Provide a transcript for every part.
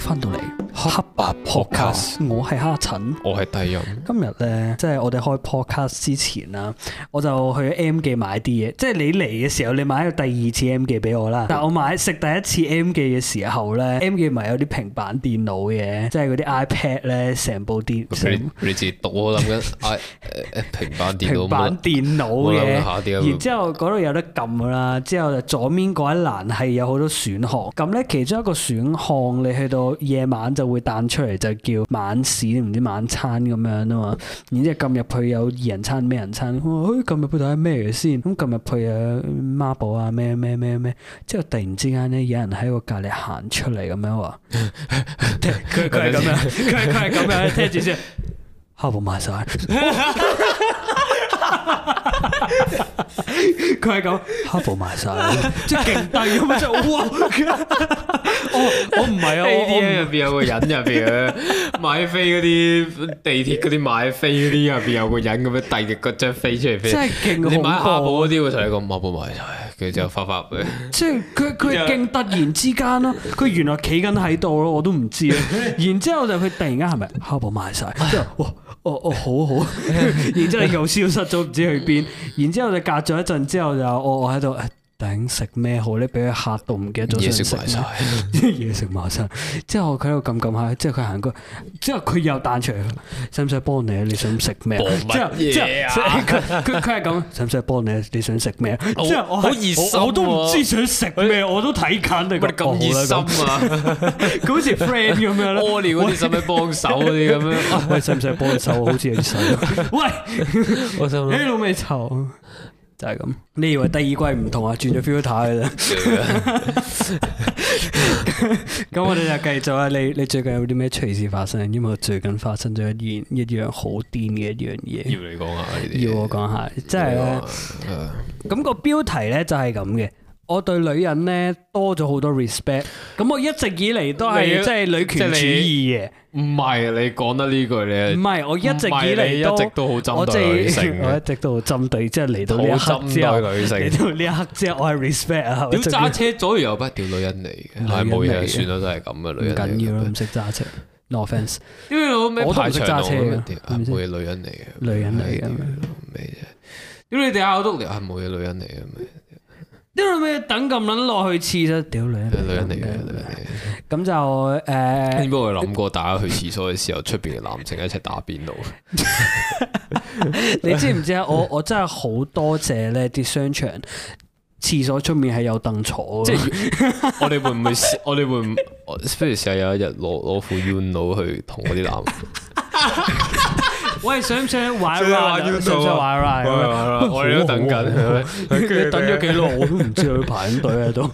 翻到嚟。黑白 podcast，我係哈臣，我係低音。今日咧，即係我哋開 podcast 之前啦，我就去 M 記買啲嘢。即係你嚟嘅時候，你買咗第二次 M 記俾我啦。但係我買食第一次 M 記嘅時候咧、嗯、，M 記咪有啲平板電腦嘅，即係嗰啲 iPad 咧，成部電腦你。你自己讀我諗緊， 平板電腦，平板電腦嘅，然之後嗰度有得撳啦，之後就左面嗰一欄係有好多選項，咁咧其中一個選項你去到夜晚就。會彈出嚟就叫晚市唔知晚餐咁樣啊嘛，然之後撳入去有二人餐咩人餐，我話誒撳入去睇咩先，咁撳入去有孖寶啊咩咩咩咩。之後突然之間咧有人喺我隔離行出嚟咁樣話，佢係咁樣，佢係咁樣，聽住先。好我買晒。」佢係咁，哈寶埋晒，即係勁低咁樣，哇！我我唔係啊，我我入邊有個人入邊咧買飛嗰啲地鐵嗰啲買飛嗰啲入邊有個人咁樣突然嗰張飛出嚟飛，即係勁！你買哈寶啲會睇個五萬半埋晒，佢就發發俾，即係佢佢係勁突然之間咯，佢原來企緊喺度咯，我都唔知，然之後就佢突然間係咪哈寶埋晒，即係哇！哦哦，好好，然之後又消失咗，唔知去邊，然之後就隔咗一陣之後就，我我喺度。食咩好咧？俾佢嚇到唔記得咗食嘢，食埋曬啲嘢，食埋曬。之後佢喺度撳撳下，之後佢行過，之後佢又彈出嚟。使唔使幫你，你想食咩？即係佢佢係咁。使唔使幫你，你想食咩？即係我好熱手，我都唔知想食咩，我都睇緊。你乜咁熱心啊？佢好似 friend 咁樣咯。屙尿嗰啲使唔使幫手嗰啲咁樣？喂，使唔使幫手啊？好熱手。喂，咩咁嘅臭？就係咁，你以為第二季唔同啊？轉咗 filter 嘅啫。咁 我哋就繼續啊！你你最近有啲咩趣事發生？因為最近發生咗一,一,一,一,一件一樣好癲嘅一樣嘢。要你講下，下，要我講下，即係咧，咁、嗯、個標題咧就係咁嘅。我對女人咧多咗好多 respect，咁我一直以嚟都係即係女權主義嘅。唔係你講得呢句咧，唔係我一直以嚟都，一直都好針對女性嘅，我一直都好針對即係嚟到呢一刻之後，好針對女性呢一刻之後，我 respect 啊！屌揸車左右，不掉女人嚟嘅，係冇嘢，算啦，都係咁嘅，女人唔緊要啦，唔識揸車，no offence。因為我咩太長啦，冇嘢，女人嚟嘅，女人嚟嘅咩？屌你哋下好碌，冇嘢，女人嚟嘅等咁撚落去廁所，屌女！女人嚟嘅，咁就誒。有冇諗過大家去廁所嘅時候，出邊嘅男性一齊打邊爐？ 你知唔知啊？我我真係好多謝呢啲商場廁所出面係有凳坐， 即係我哋會唔會？我哋會唔？不如試下有一日攞攞副 UNO 去同嗰啲男。 喂，想唔想玩 ride 啊？想玩 ride 我哋都等緊，你等咗幾耐？我都唔知佢排緊隊喺度。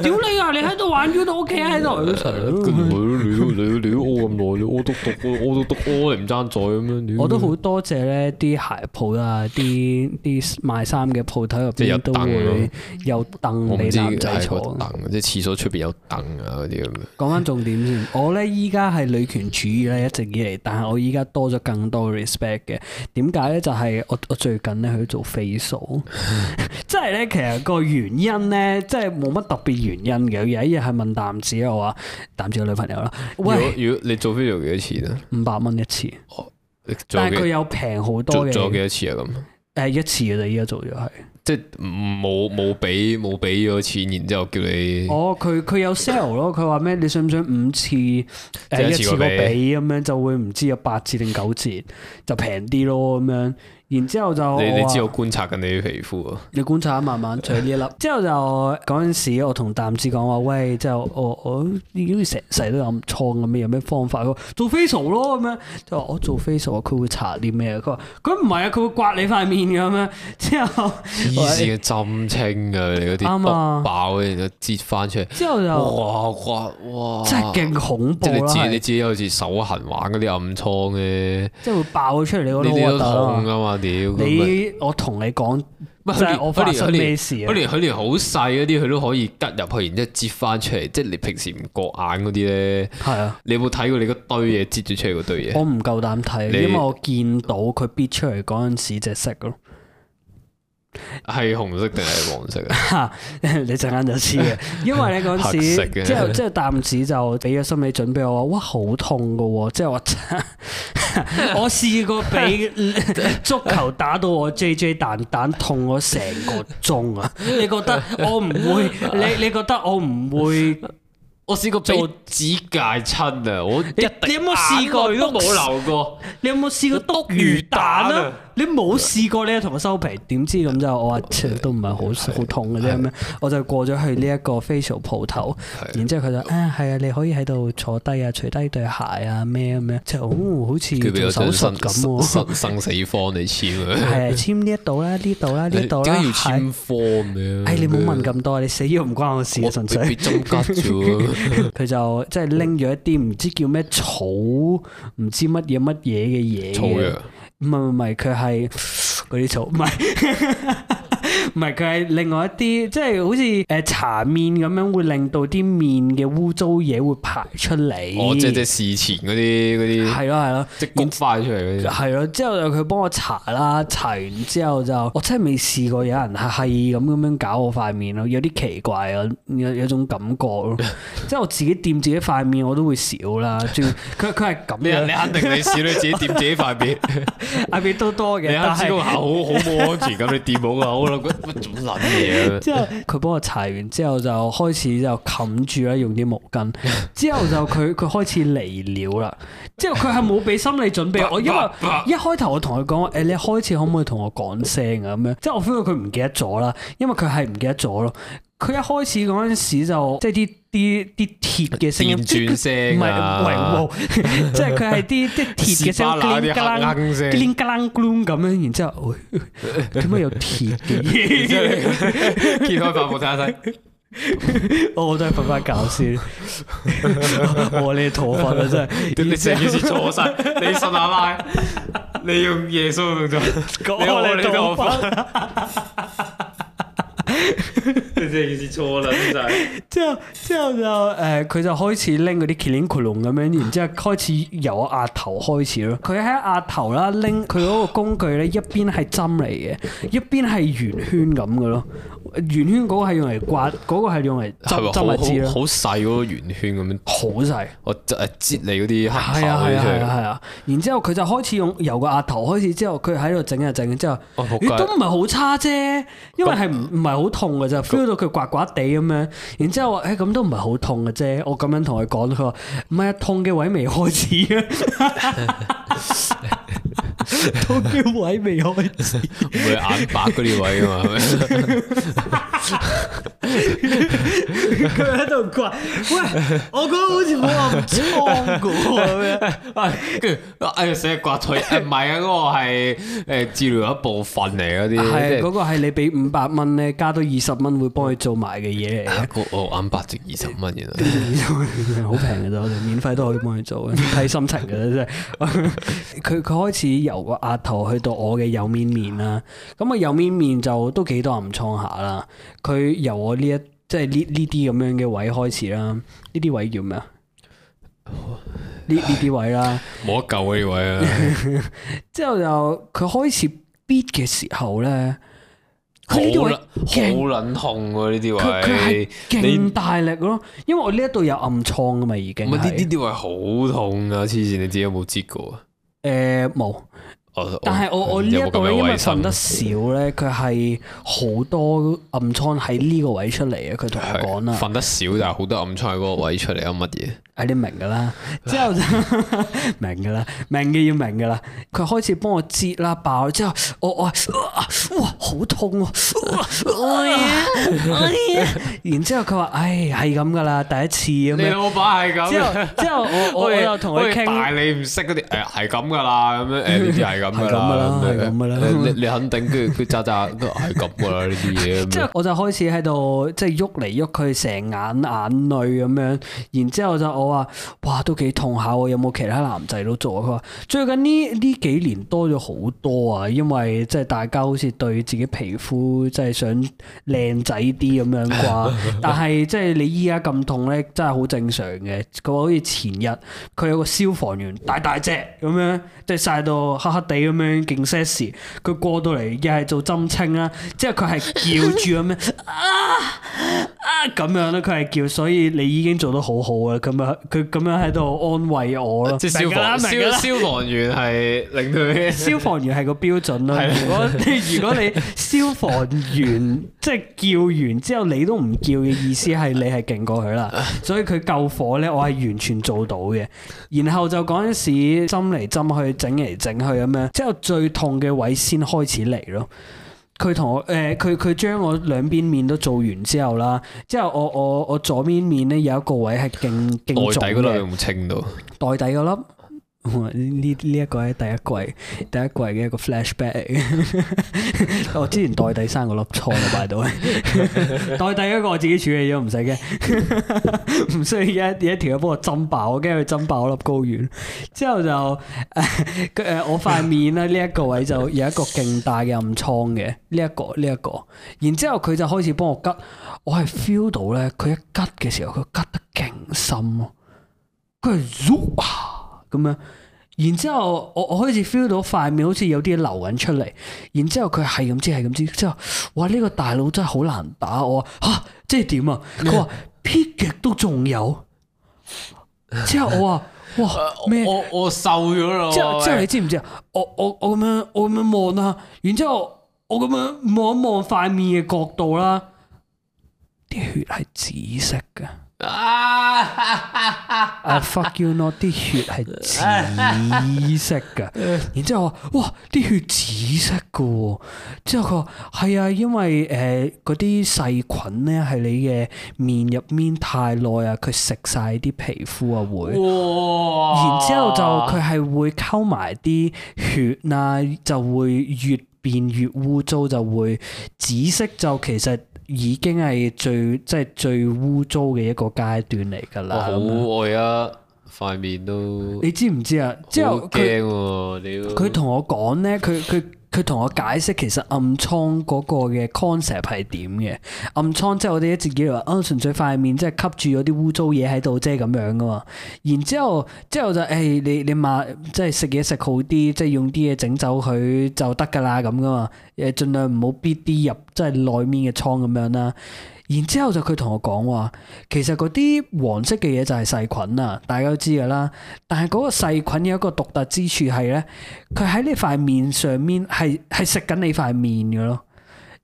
屌你啊！你喺度玩，我都企喺度。屌你！屌屌屌屙咁耐，屙督督，屙督督屙，你唔爭在咁樣？我都好多謝咧，啲鞋鋪啊，啲啲賣衫嘅鋪頭入邊有凳你站仔坐。凳，即係廁所出邊有凳啊嗰啲。講翻重點先，我咧依家係女權主義咧，一直以嚟我依家多咗更多 respect 嘅，點解咧？就係、是、我我最近咧去做 facial，即 係咧其實個原因咧，即係冇乜特別原因嘅。有一日係問啖子我話，啖子個女朋友啦。喂如，如果你做 facial 幾多錢啊？五百蚊一次。哦、但係佢有平好多嘅。做咗幾多次啊？咁誒、呃、一次嘅你依家做咗係。即係冇冇俾冇俾咗錢，然之後叫你。哦，佢佢有 sell 咯，佢話咩？你想唔想五次誒一次俾 一個俾咁樣，就會唔知有八折定九折，就平啲咯咁樣。然之後就你你知道我觀察緊你啲皮膚啊，你觀察啊，慢慢除呢粒。之 後就嗰陣時，我同導師講話，喂，即係我我你都成世都有暗瘡咁樣，有咩方法㗎？做 facial 咯咁樣。就係我做 facial，佢會擦啲咩？佢佢唔係啊，佢會刮你塊面咁樣。之後黐線嘅針清啊，你嗰啲爆嘅，吧然後擠翻出嚟。之後就哇刮哇，哇哇真係勁恐怖你知，是你知，好似手痕玩嗰啲暗瘡嘅，即係會爆咗出嚟，你都你都痛㗎嘛～你我同你講，唔係佢連佢連好細嗰啲佢都可以吉入去，然之後折翻出嚟。即係你平時唔過眼嗰啲咧，係是啊。你有冇睇過你嗰堆嘢折咗出嚟嗰堆嘢？我唔夠膽睇，你因為我見到佢搣出嚟嗰陣時只色咯。係紅色定係黃色啊？ 你陣間就知嘅，因為你嗰時即係即係，當時色淡子就俾咗心理準備，我話哇好痛噶，即係我 我試過俾 足球打到我 J J 蛋蛋痛 我成個鐘啊！你覺得我唔會？你你覺得我唔會？我試過做指甲親啊！我一點我試過都冇留過，你有冇試過篤魚蛋啊？ 你冇試過呢？同佢收皮，點知咁就我話都唔係好好痛嘅啫咩？我就過咗去呢一個 facial 鋪頭，的然之後佢就誒係啊，你可以喺度坐低啊，除低對鞋啊咩咁樣，就好好似手術咁喎。生生，生死方你簽，係啊，簽呢一度啦，呢度啦，呢度啦，點要簽方嘅？誒的、哎、你冇問咁多，你死咗唔關我事啊，純粹佢就即係拎咗一啲唔知叫咩草，唔知乜嘢乜嘢嘅嘢。草唔係，唔係，佢係嗰啲草，唔係。唔係佢係另外一啲，即係好似誒搽面咁樣，會令到啲面嘅污糟嘢會排出嚟。我、哦、即係事前嗰啲嗰啲。係咯係咯，即係焗翻出嚟嗰啲。係咯，之後就佢幫我搽啦，搽完之後就我真係未試過有人係咁咁樣搞我塊面咯，有啲奇怪啊，有有種感覺咯。 即係我自己掂自己塊面我都會少啦，最佢佢係咁樣， 你肯定你試你自己掂自己塊面，阿面、 啊、都多嘅。你啱先好是好冇安全咁，你掂冇乜嘢？之後佢幫我查完之後就開始就冚住啦，用啲毛巾。之後就佢佢開始嚟尿啦。之後佢係冇俾心理準備。 我因為一開頭我同佢講，誒、hey,，你開始可唔可以同我講聲啊？咁樣，即係我 feel 到佢唔記得咗啦。因為佢係唔記得咗咯。佢一開始嗰陣時就即係啲啲啲鐵嘅聲音，轉聲唔係，即係佢係啲即係鐵嘅聲，叮叮噉，叮叮噉，叮噉咁樣，然之後點解有鐵嘅？揭開白布睇下先，我都係瞓翻覺先。我你哋陀佛啊，真係你成件事坐曬，你信阿拉，你用耶穌嘅動作，你我你做我瞓。你真係意思錯啦，真係。 之後之後就誒，佢、呃、就開始拎嗰啲 cleaner 龍咁樣，然之後開始由額頭開始咯。佢喺額頭啦，拎佢嗰個工具咧，一邊係針嚟嘅，一邊係圓圈咁嘅咯。圓圈嗰個係用嚟刮，嗰、那個係用嚟針，係咪好細嗰個圓圈咁樣？好細小。我執誒，截你嗰啲黑頭係啊，係啊，係啊,啊,啊,啊,啊。然之後佢就開始用由個額頭開始，之後佢喺度整下整，之後咦都唔係好差啫，因為係唔唔係好。 痛嘅就 feel 到佢刮刮地咁樣。然之後話：誒咁都唔係好痛嘅啫，我咁樣同佢講，佢話唔係啊，痛嘅位未開始啊。 都叫位未開唔會眼白嗰啲位㗎嘛，佢喺度刮，喂，我覺得好似冇好暗瘡咁樣，喂 麼，跟住誒，成日、哎、刮除，唔係啊，嗰、 哎那個係誒、欸、治療一部分嚟嗰啲，係嗰是、就是、個係你俾五百蚊咧，加多二十蚊會幫佢做埋嘅嘢嚟，個、啊、眼白值二十蚊，嘅，原來，二十蚊，好平嘅啫，我哋免費都可以幫佢做，睇心情嘅啫，即係佢佢開始由。我額頭去到我嘅右面面啦，咁啊右面面就都幾多暗瘡下啦。佢由我呢一即係呢呢啲咁樣嘅位開始啦，呢啲位叫咩啊？呢呢啲位啦，冇唉得救啊呢位啊！ 之後就佢開始 beat 嘅時候咧，佢呢好撚痛噶呢啲位，佢係勁大力咯，你因為我呢一度有暗瘡噶嘛，已經不。呢啲是位好痛啊！黐線，你自己有有知、呃、有冇接過啊？誒，冇。但係我我呢一度因為瞓得少咧，佢係好多暗瘡喺呢個位出嚟啊！佢同我講啦，瞓得少但係好多暗瘡喺嗰個位出嚟啊！乜嘢？你明噶啦，之後明噶啦，明嘅要明噶啦。佢開始幫我摺啦爆之後，我我哇好痛啊！然之後佢話：，唉，係咁噶啦，第一次咁。你老闆係咁。之後之後我又同佢傾，但你唔識嗰啲，誒係咁噶啦，咁樣誒係咁噶啦，你你肯定佢佢渣渣都係咁噶啦呢啲嘢。即係我就開始喺度即係喐嚟喐去，成眼眼淚咁樣，然之後就我話：哇，都幾痛下喎！有冇其他男仔都做啊？佢話最近呢呢幾年多咗好多啊，因為即係大家好似對自己皮膚即係想靚仔啲咁樣啩。但係即係你依家咁痛咧，真係好正常嘅。佢話好似前日佢有個消防員大大隻咁樣，即係曬到黑黑哋你咁、 啊啊、樣勁 sexy，佢過到嚟又係做針清啦，之後佢係叫住咁樣啊啊咁樣啦，佢係叫，所以你已經做得好好啦。咁樣佢咁樣喺度安慰我咯，即係消防消，消防員係令佢消防員係個標準啦。 如果你如果你消防員即係 叫完之後你都唔叫嘅意思係你係勁過佢啦，所以佢救火咧我係完全做到嘅。然後就陣時針嚟針去，整嚟整去咁樣。弄之後最痛嘅位先開始嚟咯，佢同我誒，佢佢將我兩邊面都做完之後啦，之後我我我左邊面咧有一個位係勁勁痛嘅。袋底嗰粒清到？袋底嗰粒。呢呢一個係第一季，第一季嘅一個 flashback。 我之前代第三個粒瘡啊 b 到。代第一， 一個我自己處理咗，唔使驚，唔 需要一一條嘢幫我針爆，我驚佢針爆嗰粒高圓。之後就誒誒、啊呃，我塊面咧呢一個位就有一個勁大嘅暗瘡嘅，呢一、 這個呢一、這個。然之後佢就開始幫我吉，我係 feel 到咧，佢一吉嘅時候，佢吉得勁深，佢係喐下。咁樣，然之後我我開始 feel 到塊面好似有啲流緊出嚟，然之後佢係咁知係咁知，之後哇呢個大佬真係好難打我，吓，即係點啊？佢話撇腳都仲有，之後我話哇咩？我我瘦咗咯，之後之後你知唔知啊喂？我我我咁樣我咁樣望啊。然之後我咁樣望一望塊面嘅角度啦，啲血係紫色㗎。啊！阿、uh, fuck you，我啲血係紫色噶，然之後我話哇，啲血紫色噶，之後佢話係啊，因為誒嗰啲細菌咧係你嘅面入面太耐啊，佢食晒啲皮膚啊會，哇然之後就佢係會溝埋啲血啊，就會越。變越污糟就會紫色，就其實已經係最即係最污糟嘅一個階段嚟㗎啦。好愛、哦、啊！塊面樣臉都你知唔知啊？之後佢佢同我講咧，佢佢。 佢同我解釋其實暗瘡嗰個嘅 concept 係點嘅，暗瘡即係我哋一直以為啊，純粹塊面即係吸住咗啲污糟嘢喺度即係咁樣噶嘛，然之後之後就誒、是哎、你你抹即係食嘢食好啲，即係用啲嘢整走佢就得㗎啦咁噶嘛，誒盡量唔好逼啲入即係內面嘅瘡咁樣啦。然之後就佢同我講話，其實嗰啲黃色嘅嘢就係細菌啦，大家都知噶啦。但係嗰個細菌有一個獨特之處係咧，佢喺你塊面上面係係食緊你塊面噶咯。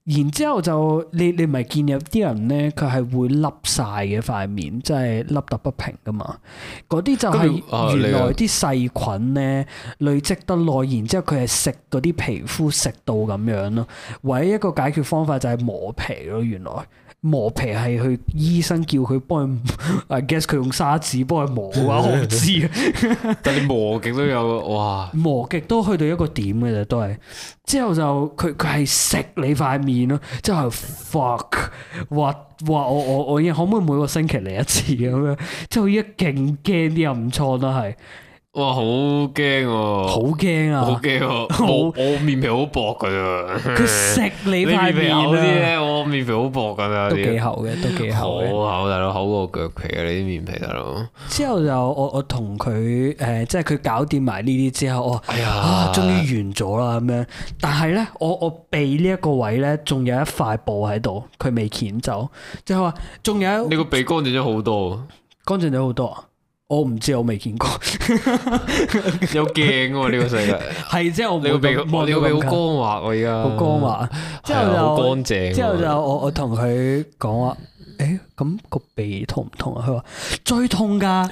然之後就你你唔係見有啲人咧，佢係會凹晒嘅塊面，即係凹凸不平噶嘛。嗰啲就係原來啲細菌咧累積得耐，然之後佢係食嗰啲皮膚食到咁樣咯。唯一一個解決方法就係磨皮咯，原來。磨皮係去醫生叫佢幫佢，I guess 佢用砂紙幫佢磨啊， 我唔知。 但係磨極都有，哇！磨極都去到一個點嘅啫，都係。之後就佢佢係食你塊面咯，即係 fuck，or 我我我依家可唔可以每個星期嚟一次咁樣？即係我依家勁驚啲啊，唔錯都係。哇，啊啊啊、好驚哦！好驚啊！好驚哦！我我面皮好薄噶咋？佢食你塊面皮厚啲咧，我面皮好薄噶啦，都幾厚嘅，都幾厚。好厚大佬，厚過腳皮啊！你啲面皮大佬。之後就我我同佢誒，即係佢搞掂埋呢啲之後，哦，哎、呀啊，終於完咗啦咁樣。但係咧，我我鼻呢一個位咧，仲有一塊布喺度，佢未鉗走，即就話、是、仲有。有你個鼻乾淨咗好多，乾淨咗好多啊！我唔知，我未見過， 有鏡喎呢、啊這個世界，係即係我個鼻，我個鼻好光滑喎、啊，而家好光滑，嗯、之後就好乾淨、啊。之後就我我同佢講話，誒、欸、咁、那個鼻痛唔痛啊？佢話最痛㗎，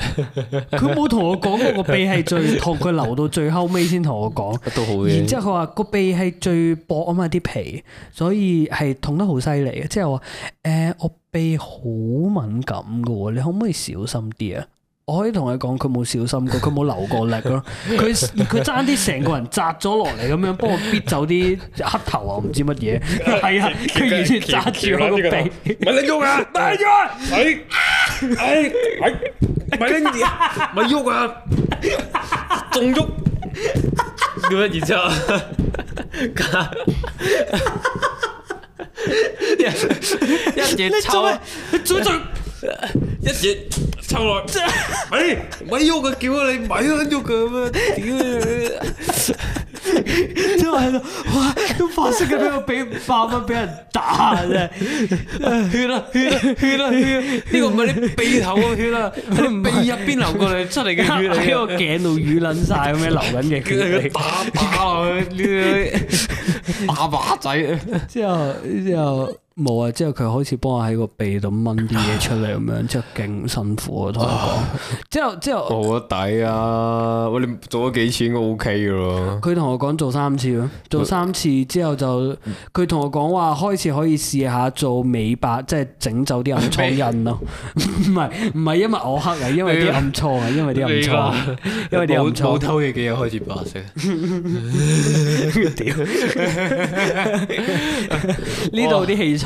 佢冇同我講過個鼻係最痛，佢 留到最後尾先同我講。都好嘅。 然之後佢話個鼻係最薄啊嘛，啲皮，所以係痛得好犀利嘅。之後話誒，我鼻好敏感嘅喎，你可唔可以小心啲啊？我可以同你講，佢冇小心過，佢佢冇留過力咯。佢佢爭啲成個人砸咗落嚟咁樣，幫我搣走啲黑頭啊，唔知乜嘢。係啊，佢完全揸住我個鼻。咪你喐啊！咪喐！哎哎哎！咪你！咪喐啊！仲喐！咁樣之後一嘢抽啊！一嘢。出嚟，哎，咪喐佢，叫啊你，咪喐佢。咁嘅咩？點啊？即係喺度，哇！都發色嘅，俾俾五百蚊俾人打真係，血啦血啦血啦血啦！呢個唔係啲鼻頭個血啦，佢唔係入邊流過嚟出嚟嘅血，喺個頸度雨撚晒咁樣流緊嘅血。打靶啊！呢個打靶仔，即係即係。冇啊！之後佢開始幫我喺個鼻度掹啲嘢出嚟咁 樣真 之，之後勁辛苦啊！同我講，之後之後冇得抵啊！我哋做咗幾次應該 OK 嘅咯。佢同我講做三次咯，做三次之後就佢同我講話開始可以試下做美白，即係整走啲暗瘡印咯。唔係唔係， 因為我黑啊，因為啲暗瘡啊，因為啲暗瘡，啊、因為啲暗瘡偷嘢嘅嘢開始白色。呢度啲氣。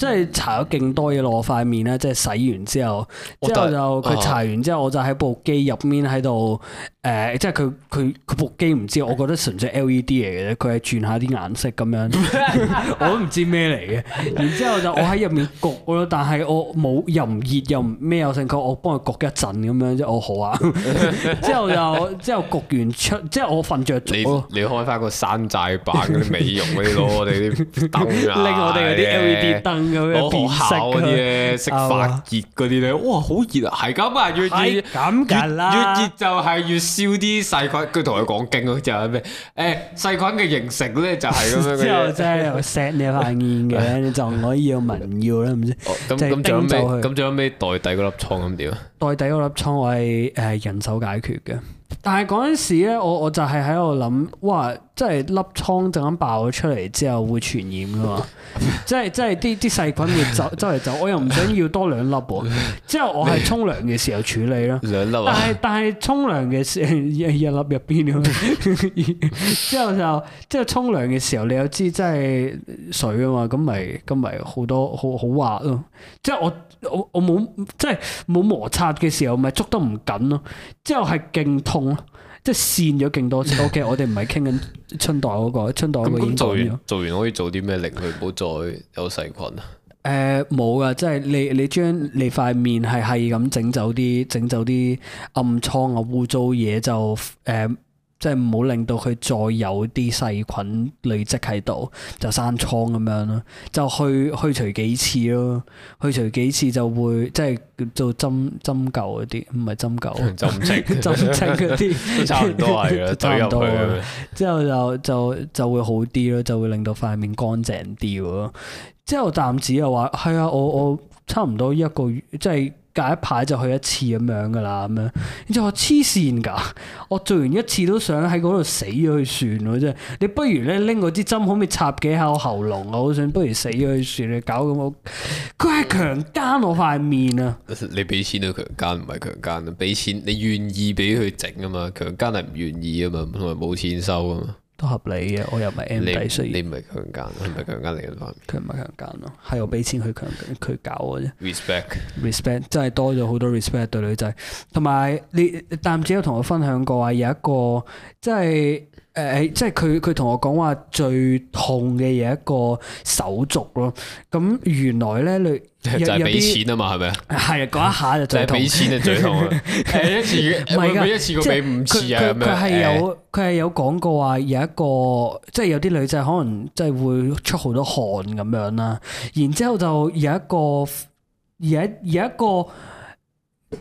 即係搽咗勁多嘢落我塊面啦。即係洗完之後，之後就佢搽完之後，我就喺部機入面喺度誒，即係佢佢佢部機唔知，我覺得純粹 LED 嚟嘅啫，佢係轉下啲顏色咁樣， 我都唔知咩嚟嘅。然後 之後就我喺入面焗，我但係我冇又唔熱又唔咩又成，佢我幫佢焗一陣咁樣，即係我好啊。之後就之後焗完出，即係我瞓着咗。你你開翻個山寨版嗰啲美容嗰啲攞我哋啲燈啊！拎我哋嗰啲 LED 燈。攞學校嗰啲咧，識發熱嗰啲咧，呃、哇，好熱啊！係咁啊，越啊越越熱就係越燒啲細菌。佢同佢講經，就係咩？誒、欸，細菌嘅形成咧就係咁樣。嘅， 後即係又錫你塊煙嘅， 你就唔可以要民要啦，唔知。咁咁最屘咁最屘袋底嗰粒瘡咁點啊？袋底嗰粒瘡我係誒人手解決嘅，但係嗰陣時咧，我我就係喺度諗，哇，即係粒瘡就咁爆出嚟之後會傳染噶嘛，即係即係啲啲細菌要走周圍走，我又唔想要多兩粒喎。之後我係沖涼嘅時候處理啦，兩粒，但係但係沖涼嘅一粒入邊咁，之後就即係沖涼嘅時候，你又知即係水啊嘛，咁咪咁咪好多好好滑咯。即係我我我冇即係冇摩擦。嘅時候咪捉得唔緊咯，之後係勁痛咯，即係扇咗勁多次。O.K. 我哋唔係傾緊春代嗰個，春代嗰個應該點？做完可以做啲咩？令佢唔好再有細菌啊？誒、呃，冇噶，即、就、係、是、你你將你塊面係係咁整走啲整走啲暗瘡啊污糟嘢就誒。呃即係唔好令到佢再有啲細菌累積喺度，就生瘡咁樣咯。就去去除幾次咯，去除幾次就會即係做針針灸嗰啲，唔係針灸針清灸 針清嗰啲。 差唔多係啦，針入去。之後 就就就，就，就會好啲咯，就會令到塊面乾淨啲咯。之後暫時又話係啊，我我，我，我，我差唔多一個月即係。即第一排就去一次咁樣噶啦，咁樣，你真係黐線噶！我做完一次都想喺嗰度死咗去算喎，真係！你不如咧拎嗰支針可唔可以插幾下我喉嚨啊？好想不如死咗去算 你搞咁我佢係強姦我塊面啊！你俾錢都強姦唔係強姦啊！俾錢你願意俾佢整啊嘛？強姦係唔願意啊嘛，同埋冇錢收啊嘛。都合理嘅，我又唔係 M 低你，雖然你唔係強奸，佢唔係強奸另一方面，佢唔係強奸咯，係我俾錢佢強奸佢搞嘅啫。Respect，respect 真係多咗好多 respect 對女仔，同埋你但只有同我分享過話，有一個即係。誒，即係佢佢同我講話最痛嘅嘢，一個手續咯。咁原來咧，你就係俾錢啊嘛，係咪啊？係，嗰一下就最痛。就係俾錢就最痛啦。係一次，唔係一次過俾五次啊咁樣。佢佢係有佢係有講過話有一個，即係有啲女仔可能即係會出好多汗咁樣啦。然之後就有一個，有一有一個。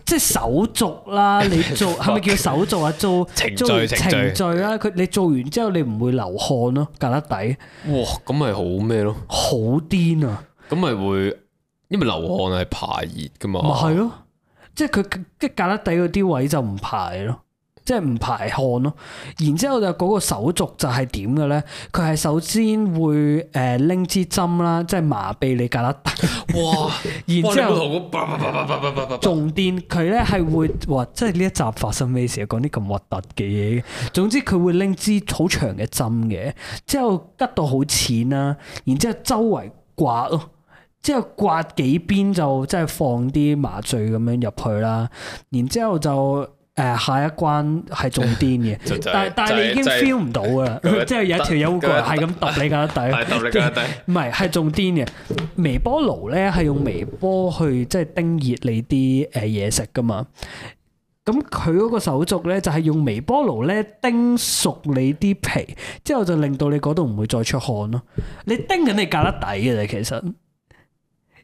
即係手續啦，你做係咪叫做手續做， 程序 做啊？做程序程序啦，佢你做完之後你唔會流汗咯，隔肢底。哇，咁咪好咩咯？好癲啊！咁咪會，因為流汗係排熱噶嘛。咪係、啊、咯，即係佢即係隔肢底嗰啲位就唔排咯。即係唔排汗咯，然之後就嗰個手續就係點嘅咧？佢係首先會誒拎支針啦，即係麻痺你架啦。哇！然之後仲電佢咧係會哇，即係呢一集發生咩事啊？講啲咁核突嘅嘢嘅。總之佢會拎支好長嘅針嘅，之後吉到好淺啦，然之後周圍刮咯，之後刮幾邊就即係放啲麻醉咁樣入去啦，然之後就。誒、uh, 下一關係仲癲嘅， 就是，但係但係你已經 feel 唔到啊！即係，就是就是， 有一條友過係咁揼你隔得底，唔係係仲癲嘅。微波爐咧係用微波去即係叮熱你啲誒嘢食噶嘛，咁佢嗰個手續咧就係用微波爐咧叮熟你啲皮，之後就令到你嗰度唔會再出汗咯。你叮緊你隔得底嘅啫，其實。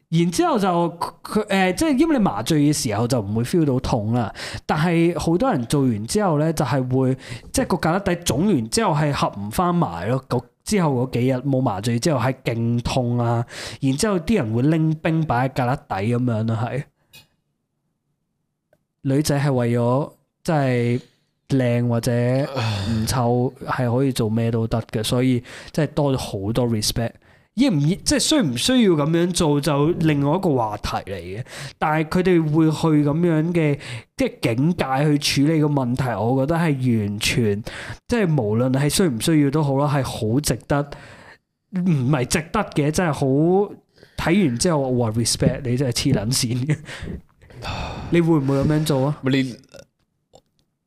然之後就佢誒，即係因為你麻醉嘅時候就唔會 feel 到痛啦，但係好多人做完之後咧，就係會即係個格拉底腫完之後係合唔翻埋咯，之後嗰幾日冇麻醉之後係勁痛啊，然之後啲人會拎冰擺喺格拉底咁樣咯，係女仔係為咗即係靚或者唔臭係可以做咩都得嘅，所以即係多咗好多 respect。宜唔宜，即係需唔需要咁樣做，就另外一個話題嚟嘅。但係佢哋會去咁樣嘅即係境界去處理個問題，我覺得係完全即係無論係需唔需要都好啦，係好值得。唔係值得嘅，真係好睇完之後我話 Respect 你真係黐撚線！你會唔會咁樣做啊？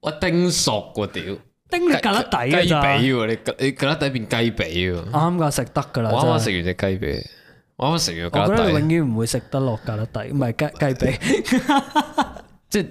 我叮索過屌！丁你隔得底雞髀你隔你隔得底變雞髀喎、啊。啱噶，食得噶啦。我啱啱食完隻雞髀，我啱啱食完。我覺得永遠唔會食得落隔得底，唔係 雞雞髀 。即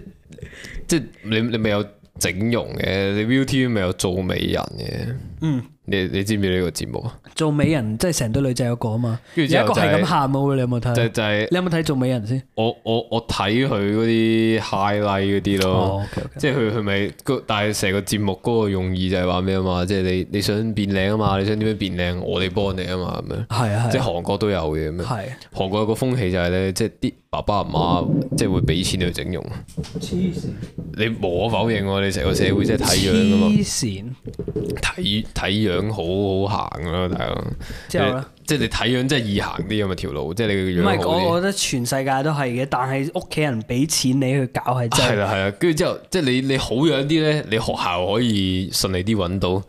即你你未有整容嘅，你 Viu TV 未有做美人嘅。嗯。你你知唔知呢個節目啊？做美人即係成堆女仔有個啊嘛，有一個係咁喊嘅你有冇睇？就就係你有冇睇做美人先？我我我睇佢嗰啲 highlight 嗰啲咯，即係佢佢咪但係成個節目嗰個用意就係話咩啊嘛？即係你你想變靚啊嘛？你想點樣變靚？我哋幫你啊嘛，係咪？啊即係韓國都有嘅咩？係。韓國有個風氣就係咧，即係啲爸爸媽媽即係會俾錢去整容。黐線！你無可否認我哋成個社會即係睇樣啊嘛。黐線！睇睇樣。好好行啦、啊，大咯，即係即係你睇、就是、樣真係易行啲咁嘛？條路，即、就、係、是、你唔係講，我覺得全世界都係嘅，但係屋企人俾錢你去搞係真係啦，係啊，跟住之後即係、就是、你你好樣啲咧，你學校可以順利啲搵到，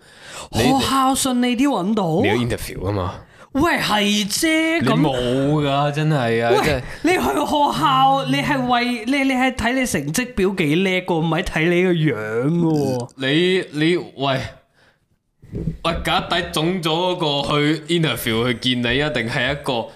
學校順利啲搵到，你有 interview 啊嘛，喂係啫，咁冇噶真係啊，喂的你去學校、嗯、你係為你你係睇你成績表幾叻個，唔係睇你個樣個，你你，你，你，你，你，你，你喂。喂，假、哎、底總咗嗰個去 interview 去見你，一定係一個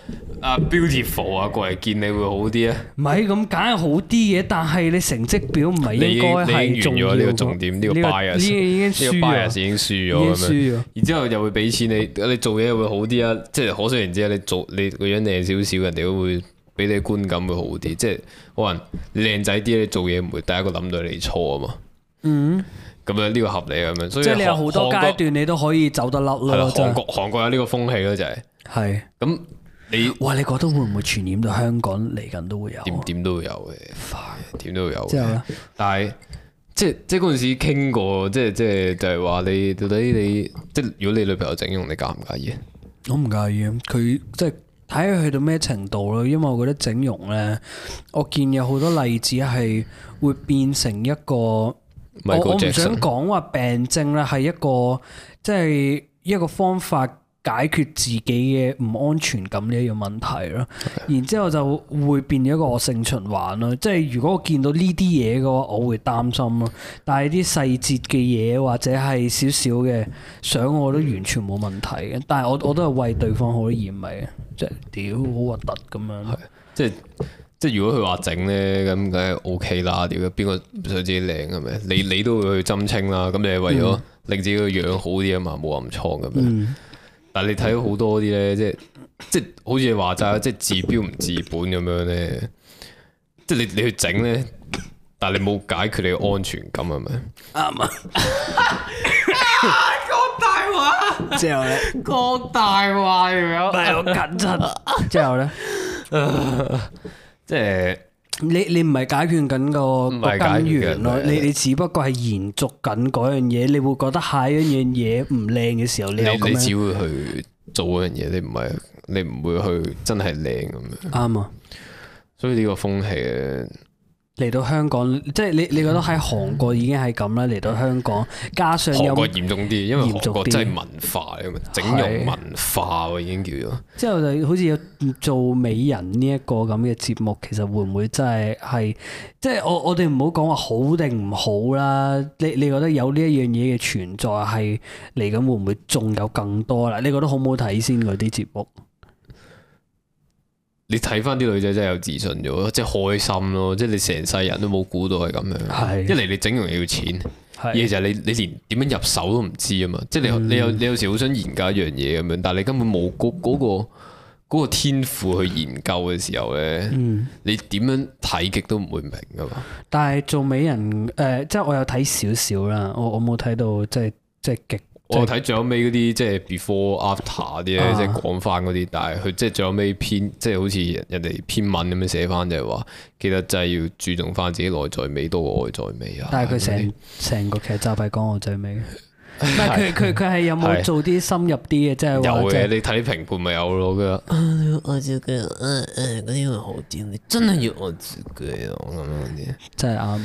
啊、uh, beautiful 啊過嚟見你會好啲啊？唔咪咁梗係好啲嘅，但係你成績表唔係應該係重要。你你完咗呢個重點呢個 bias、這個這個、已經輸咗，咁樣然之後又會俾錢你，你做嘢會好啲啊！即係可想而知啊！你做你個樣靚少少，人哋都會俾你觀感會好啲。即係可能靚仔啲你做嘢唔會第一個諗到你錯啊嘛。嗯。咁樣呢個合理啊，咁樣，即係你有好多階段，你都可以走得甩咯，真係。韓國韓國有呢個風氣咯，就係。係。咁你，哇！你覺得會唔會傳染到香港？嚟緊都會有，點點都會有嘅，快，點都有。之後但係即係即係嗰陣時傾過，即係即係就係話你到底你，即係如果你女朋友整容，你介唔介意啊？我唔介意啊，佢即係睇佢去到咩程度咯。因為我覺得整容呢，我見有好多例子係會變成一個。Michael 我唔想講話病症啦，係一個即係、就是、一個方法解決自己嘅唔安全感呢一樣問題咯。是的 然之後就會變咗一個惡性循環咯。即、就、係、是、如果我見到呢啲嘢嘅話，我會擔心咯。但係啲細節嘅嘢或者係少少嘅想我都完全冇問題嘅。但係我我都係為對方好而唔係，即係屌好核突咁樣。就是即係如果佢話整咧，咁梗係 O K 啦。點解邊個唔想自己靚係咪？你你都會去針清啦。咁你係為咗令自己個樣好啲啊嘛，冇暗瘡嘅咩？但係你睇到多、即係、好多啲咧，即係即係好似你話齋，即係治標唔治本咁樣咧。即係你你去整咧，但係你冇解決你嘅安全感係咪？啱 啊！講大話，之後咧講大話，唔係好緊張。之後咧。啊即係你你唔係解決緊個根源咯，你你只不過係延續緊嗰樣嘢，你會覺得下一樣嘢唔靚嘅時候， 你你只會去做嗰樣嘢，你唔係你唔會去真係靚咁樣。啱啊，所以呢個風氣啊。嚟到香港，即係你你覺得喺韓國已經係咁啦，嚟到香港加上有，韓國嚴重啲，因為韓國真係文化，整容文化已經叫咗。是之後就好似做美人呢一個咁嘅節目，其實會唔會真係係？即係我我哋唔好講話好定唔好啦。你你覺得有呢一樣嘢嘅存在，係嚟緊會唔會仲有更多啦？你覺得好唔好睇先嗰啲節目？你睇翻啲女仔真係有自信咗，即係開心咯！即係你成世人都冇估到係咁樣。係的。一嚟你整容要錢，二嚟的就係你你連點樣入手都唔知啊嘛！的即係你你有你有時好想研究一樣嘢咁樣，但係你根本冇嗰嗰個天賦去研究嘅時候咧，的你點樣睇極都唔會明㗎嘛？但係做美人誒、呃，即係我有睇少少啦，我我冇睇到即係即係極。我睇最後尾嗰啲即係 before after 啲咧、啊，即係講翻嗰啲，但係佢即係最後尾篇，即係好似人哋篇文咁樣寫翻，記得就係話其實就係要注重翻自己內在美多過外在美啊。但係佢成成個劇集係講外在美。唔係佢佢佢係有冇做啲深入啲嘅，即係是有嘅的，你睇評判咪有咯。我覺得，愛自己，嗰啲咪好啲。你真係要愛自己咯咁樣啲，真係啱。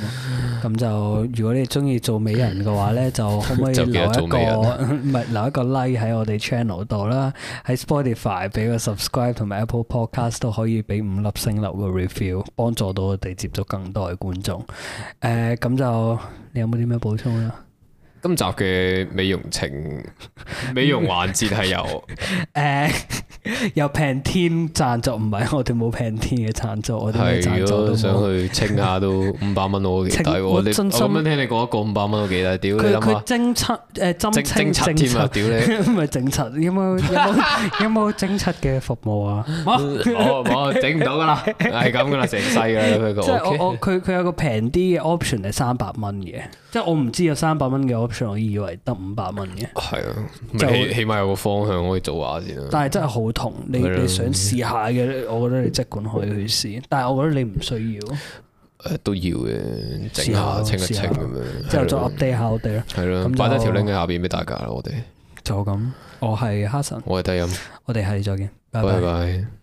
咁就如果你中意做美人嘅話咧， 就可唔可以留一個唔係 留一個 like 喺我哋 channel 度啦？喺 Spotify 俾個 subscribe，同埋 Apple Podcast 都可以俾五粒星留個 review，幫助到我哋接觸更多嘅觀眾。誒、呃，咁就你有冇啲咩補充咧？今集嘅美容程美容環節係由誒有平添讚助，唔係我哋冇平添嘅讚助，我哋係如果想去清下都五百蚊咯。清我真心聽你講一個五百蚊都幾抵，屌佢佢針清誒，針針清添啊！屌你，唔係針清，有冇有冇有冇針清嘅服務啊？冇冇冇，整唔到噶啦，係咁噶啦，成世噶佢個。即係我佢佢有個平啲嘅 option 係三百蚊嘅，即係我唔知有三百蚊嘅 option。我以為得五百蚊嘅。係啊，起起碼有個方向可以做下先。但係真係好痛，你你想試下嘅，我覺得你即管可以去試。但係我覺得你唔需要，誒都要嘅，整下清一清咁樣，之後再 update 下我哋咯。係咯，擺低條 link 喺下邊俾大家啦，我哋就咁。我係哈臣，我係低音，我哋係再見，拜拜。